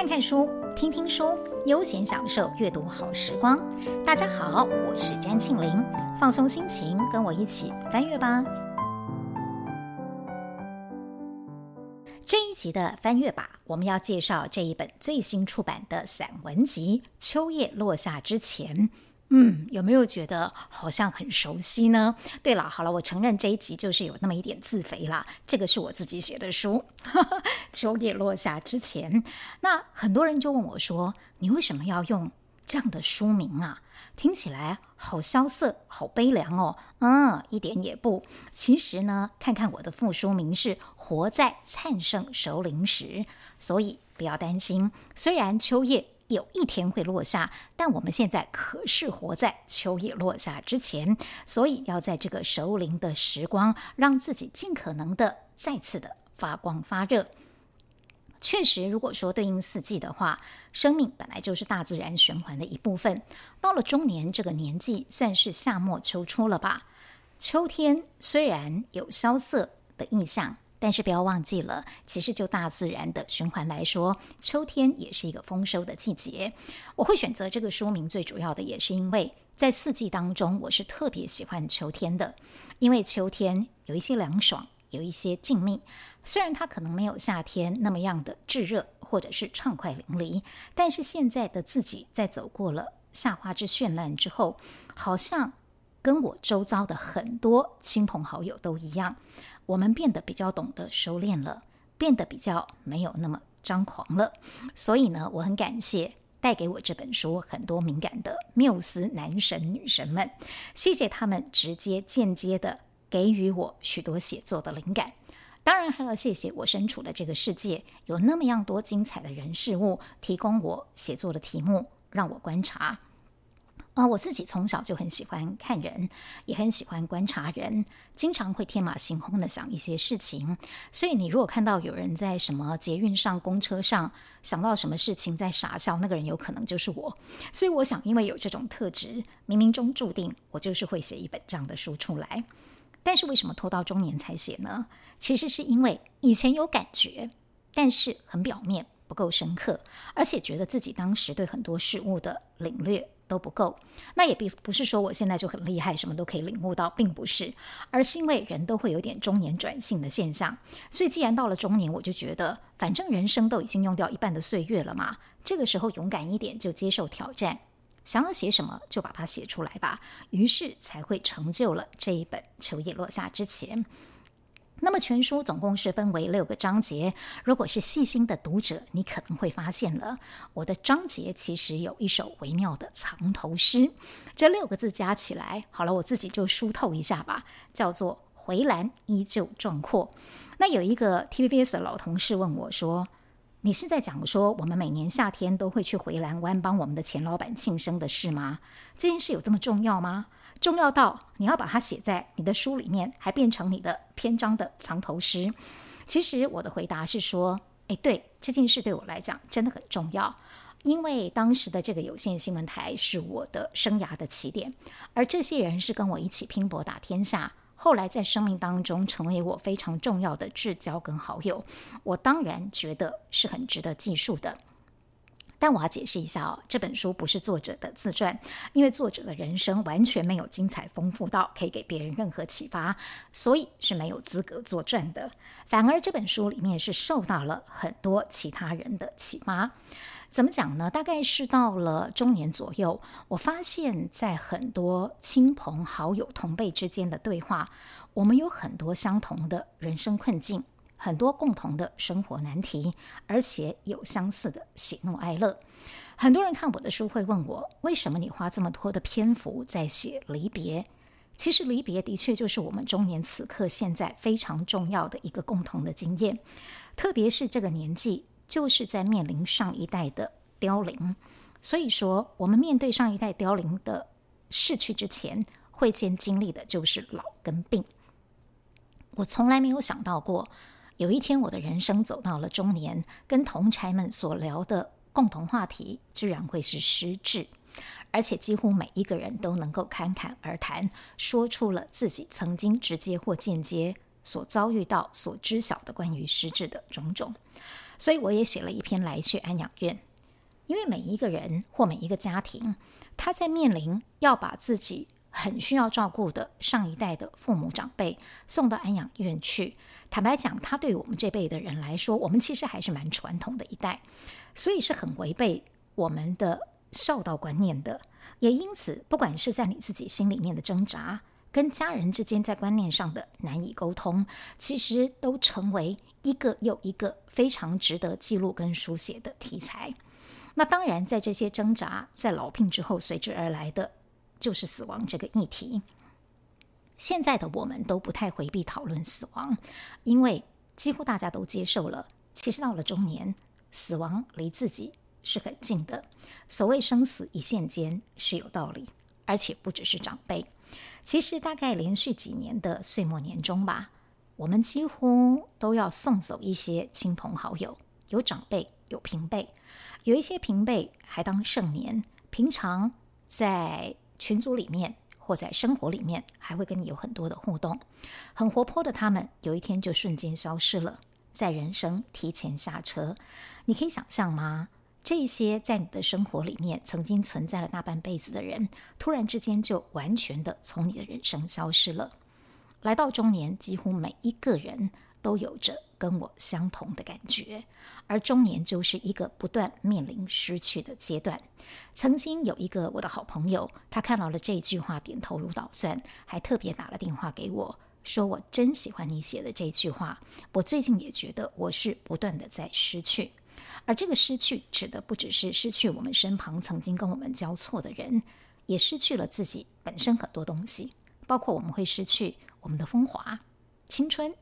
看看書，聽聽書，悠閒享受閱讀好時光。大家好，我是詹慶齡，放鬆心情，跟我一起翻閱吧。這一集的翻閱吧，我們要介紹這一本最新出版的散文集《秋葉落下之前》。嗯，有沒有覺得好像很熟悉呢？對了，好了，我承認這一集就是有那麼一點自肥啦。這個是我自己寫的書，哈哈《秋葉落下之前》，那很多人就問我說：“你為什麼要用這樣的書名啊？聽起來好蕭瑟，好悲涼哦。”嗯，一點也不。其實呢，看看我的副書名是“活在燦盛熟齡時”，所以不要擔心。雖然秋葉有一天會落下，但我們現在可是活在秋葉落下之前，所以要在這個熟齡的時光，讓自己盡可能的再次的發光發熱。確實，如果說對應四季的話，生命本來就是大自然循環的一部分。到了中年這個年紀，算是夏末秋初了吧。秋天雖然有蕭瑟的印象，但是不要忘記了，其實就大自然的循環來說，秋天也是一個豐收的季節。我會選擇這個書名，最主要的也是因為，在四季當中，我是特別喜歡秋天的，因為秋天有一些涼爽，有一些靜謐。雖然它可能沒有夏天那麼樣的炙熱，或者是暢快淋漓，但是現在的自己在走過了夏花之絢爛之後，好像。跟我周遭的很多親朋好友都一樣，我們變得比較懂得收斂了，變得比較沒有那麼張狂了。所以呢，我很感謝帶給我這本書很多靈感的繆斯男神女神們，謝謝他們直接間接地給予我許多寫作的靈感。當然，還要謝謝我身處的這個世界，有那麼樣多精彩的人事物，提供我寫作的題目，讓我觀察。啊，我自己從小就很喜歡看人，也很喜歡觀察人，經常會天馬行空的想一些事情。所以，你如果看到有人在什麼捷運上、公車上想到什麼事情在傻笑，那個人有可能就是我。所以，我想，因為有這種特質，冥冥中注定我就是會寫一本這樣的書出來。但是，為什麼拖到中年才寫呢？其實是因為以前有感覺，但是很表面，不夠深刻，而且覺得自己當時對很多事物的領略。都不夠，那也並不是說我現在就很厲害，什麼都可以領悟到，並不是，而是因為人都會有點中年轉性的現象，所以既然到了中年，我就覺得反正人生都已經用掉一半的歲月了嘛，這個時候勇敢一點，就接受挑戰，想要寫什麼就把它寫出來吧，於是才會成就了這一本《秋葉落下之前》。那麼全書總共是分為六個章節。如果是細心的讀者，你可能會發現了，我的章節其實有一首微妙的藏頭詩，這六個字加起來，好了，我自己就梳透一下吧，叫做“回瀾依舊壯闊”。那有一個 TVBS 的老同事問我說：“你是在講說我們每年夏天都會去回瀾灣幫我們的前老闆慶生的事嗎？這件事有這麼重要嗎？”重要到你要把它寫在你的書裡面，還變成你的篇章的藏頭詩。其實我的回答是說，哎，對這件事對我來講真的很重要，因為當時的這個有線新聞台是我的生涯的起點，而這些人是跟我一起拼搏打天下，後來在生命當中成為我非常重要的至交跟好友，我當然覺得是很值得記述的。但我要解釋一下哦，這本書不是作者的自傳，因為作者的人生完全沒有精彩豐富到可以給別人任何啟發，所以是沒有資格作傳的。反而這本書裡面是受到了很多其他人的啟發。怎麼講呢？大概是到了中年左右，我發現在很多親朋好友、同輩之間的對話，我們有很多相同的人生困境。很多共同的生活難題，而且有相似的喜怒哀樂。很多人看我的書會問我，為什麼你花這麼多的篇幅在寫離別？其實離別的確就是我們中年此刻現在非常重要的一個共同的經驗，特別是這個年紀，就是在面臨上一代的凋零。所以說，我們面對上一代凋零的逝去之前，會先經歷的就是老跟病。我從來沒有想到過。有一天，我的人生走到了中年，跟同儕們所聊的共同話題，居然會是失智，而且幾乎每一個人都能夠侃侃而談，說出了自己曾經直接或間接所遭遇到、所知曉的關於失智的種種。所以，我也寫了一篇《來去安養院》，因為每一個人或每一個家庭，他在面臨要把自己很需要照顧的上一代的父母長輩送到安養院去。坦白講，他對於我們這輩的人來說，我們其實還是蠻傳統的一代，所以是很違背我們的孝道觀念的。也因此，不管是在你自己心裡面的掙扎，跟家人之間在觀念上的難以溝通，其實都成為一個又一個非常值得記錄跟書寫的題材。那當然，在這些掙扎，在老病之後隨之而來的。就是死亡這個議題，現在的我們都不太回避討論死亡，因為幾乎大家都接受了。其實到了中年，死亡離自己是很近的。所謂生死一線間是有道理，而且不只是長輩。其實大概連續幾年的歲末年終吧，我們幾乎都要送走一些親朋好友，有長輩，有平輩，有一些平輩還當盛年，平常在。群組裡面或在生活裡面，還會跟你有很多的互動，很活潑的他們，有一天就瞬間消失了，在人生提前下車，你可以想象嗎？這些在你的生活裡面曾經存在了大半輩子的人，突然之間就完全的從你的人生消失了。來到中年，幾乎每一個人，都有着跟我相同的感覺，而中年就是一個不斷面臨失去的階段。曾經有一個我的好朋友，他看到了這句話，點頭如搗蒜，還特別打了電話給我，說：“我真喜歡你寫的這句話。”我最近也覺得我是不斷的在失去，而這個失去指的不只是失去我們身旁曾經跟我們交錯的人，也失去了自己本身很多東西，包括我們會失去我們的風華、青春。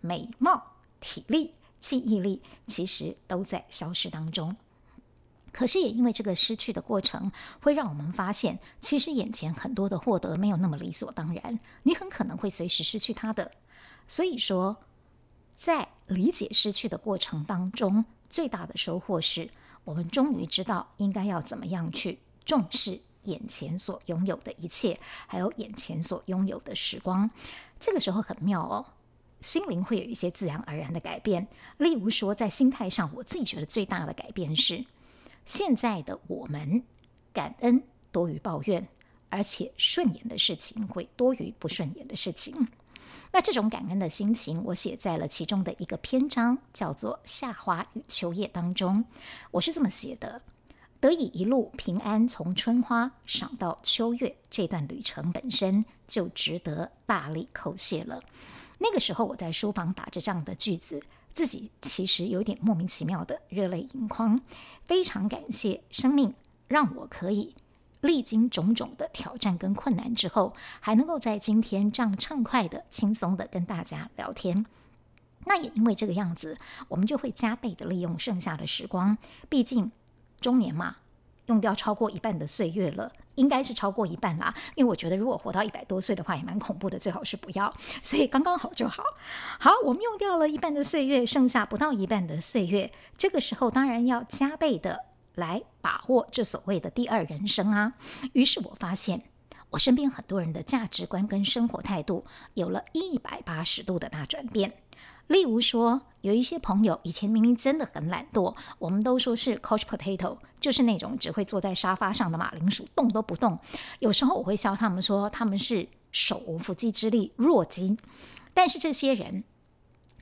美貌、體力、記憶力，其實都在消失當中。可是也因為這個失去的過程，會讓我們發現，其實眼前很多的獲得沒有那麼理所當然，你很可能會隨時失去它的。所以說，在理解失去的過程當中，最大的收穫是我們終於知道應該要怎麼樣去重視眼前所擁有的一切，還有眼前所擁有的時光。這個時候很妙哦。心靈會有一些自然而然的改變，例如說，在心態上，我自己覺得最大的改變是，現在的我們感恩多於抱怨，而且順眼的事情會多於不順眼的事情。那這種感恩的心情，我寫在了其中的一個篇章，叫做《夏花與秋葉》當中。我是這麼寫的：得以一路平安，從春花賞到秋月，這段旅程本身就值得大力叩謝了。那個時候我在書房打着這樣的句子，自己其實有點莫名其妙的熱淚盈眶，非常感謝生命讓我可以歷經種種的挑戰跟困難之後，還能夠在今天這樣暢快的、輕鬆的跟大家聊天。那也因為這個樣子，我們就會加倍的利用剩下的時光，畢竟中年嘛，用掉超過一半的歲月了。應該是超過一半啦，因為我覺得如果活到一百多歲的話也蠻恐怖的，最好是不要，所以剛剛好就好。好，我們用掉了一半的歲月，剩下不到一半的歲月，這個時候當然要加倍的來把握這所謂的第二人生啊。於是我發現，我身邊很多人的價值觀跟生活態度有了一百八十度的大轉變。例如說，有一些朋友以前明明真的很懶惰，我們都說是 couch potato，就是那種只會坐在沙發上的馬鈴薯，動都不動。有時候我會笑他們說他們是手無縛雞之力弱雞，但是這些人。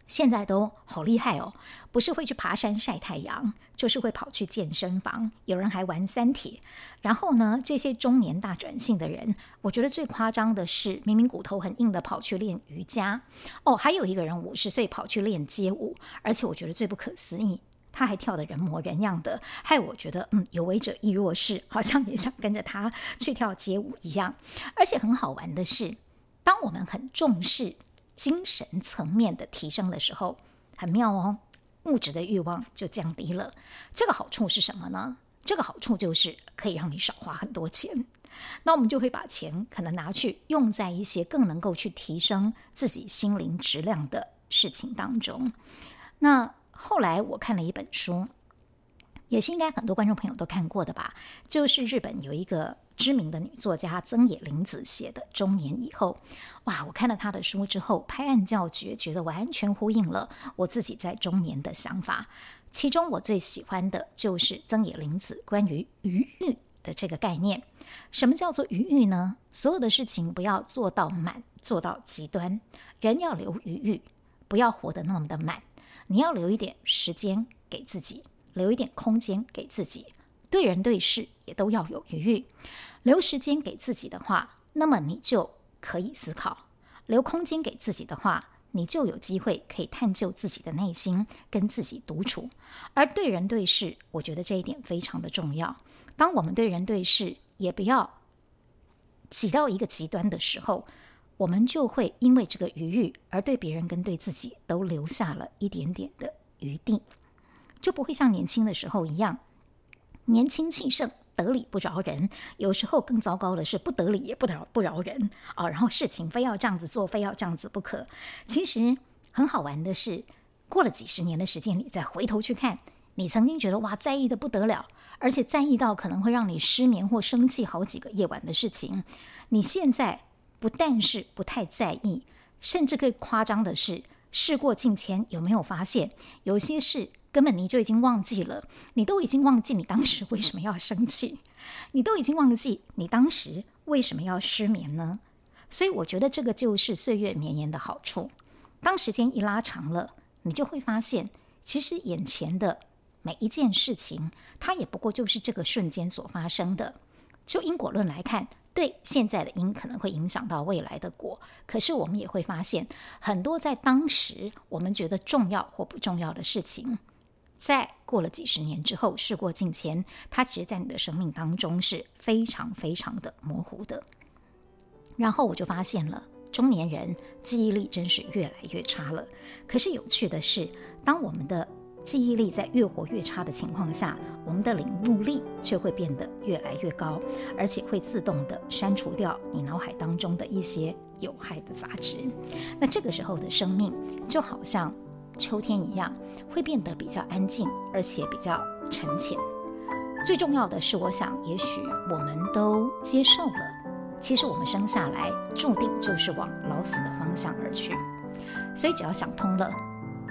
現在都好厲害哦，不是會去爬山曬太陽，就是會跑去健身房。有人還玩三鐵，然後呢，這些中年大轉性的人，我覺得最誇張的是，明明骨頭很硬的跑去練瑜伽。哦，還有一個人五十歲跑去練街舞，而且我覺得最不可思議，他還跳得人模人樣的，害我覺得嗯，有為者亦若是，好像也想跟着他去跳街舞一樣。而且很好玩的是，當我們很重視。精神層面的提升的時候，很妙哦，物質的慾望就降低了。這個好處是什麼呢？這個好處就是可以讓你少花很多錢。那我們就會把錢可能拿去用在一些更能夠去提升自己心靈質量的事情當中。那後來我看了一本書，也是應該很多觀眾朋友都看過的吧，就是日本有一個。知名的女作家曾野綾子寫的《中年以後》，哇！我看了她的書之後拍案叫絕，覺得完全呼應了我自己在中年的想法。其中我最喜歡的就是曾野綾子關於餘裕的這個概念。什麼叫做餘裕呢？所有的事情不要做到滿，做到極端，人要留餘裕，不要活得那麼的滿，你要留一點時間給自己，留一點空間給自己，對人對事。也都要有餘裕，留時間給自己的話，那麼你就可以思考；留空間給自己的話，你就有機會可以探究自己的內心，跟自己獨處。而對人對事，我覺得這一點非常的重要。當我們對人對事，也不要擠到一個極端的時候，我們就會因為這個餘裕，而對別人跟對自己都留下了一點點的餘地，就不會像年輕的時候一樣年輕氣盛。得理不饒人，有時候更糟糕的是不得理也不饒不饒人啊、哦！然後事情非要這樣子做，非要這樣子不可。其實很好玩的是，過了幾十年的時間，你再回頭去看，你曾經覺得哇，在意的不得了，而且在意到可能會讓你失眠或生氣好幾個夜晚的事情，你現在不但是不太在意，甚至更誇張的是。事過境遷，有沒有發現有些事根本你就已經忘記了？你都已經忘記你當時為什麼要生氣，你都已經忘記你當時為什麼要失眠呢？所以我覺得這個就是歲月綿延的好處。當時間一拉長了，你就會發現，其實眼前的每一件事情，它也不過就是這個瞬間所發生的。就因果論來看。對，現在的因可能會影響到未來的果，可是我們也會發現，很多在當時我們覺得重要或不重要的事情，在過了幾十年之後，事過境遷，它其實在你的生命當中是非常非常的模糊的。然後我就發現了，中年人記憶力真是越來越差了。可是有趣的是，當我們的記憶力在越活越差的情況下，我們的領悟力卻會變得越來越高，而且會自動的刪除掉你腦海當中的一些有害的雜質。那這個時候的生命就好像秋天一樣，會變得比較安靜，而且比較沉潛。最重要的是，我想也許我們都接受了，其實我們生下來注定就是往老死的方向而去，所以只要想通了，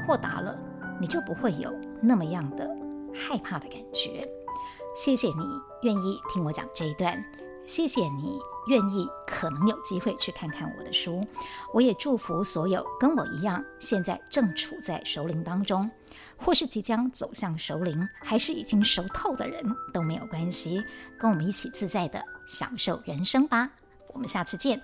豁達了。你就不會有那麼樣的害怕的感覺。謝謝你願意聽我講這一段，謝謝你願意可能有機會去看看我的書。我也祝福所有跟我一樣現在正處在熟齡當中，或是即將走向熟齡，還是已經熟透的人都沒有關係，跟我們一起自在地享受人生吧。我們下次見。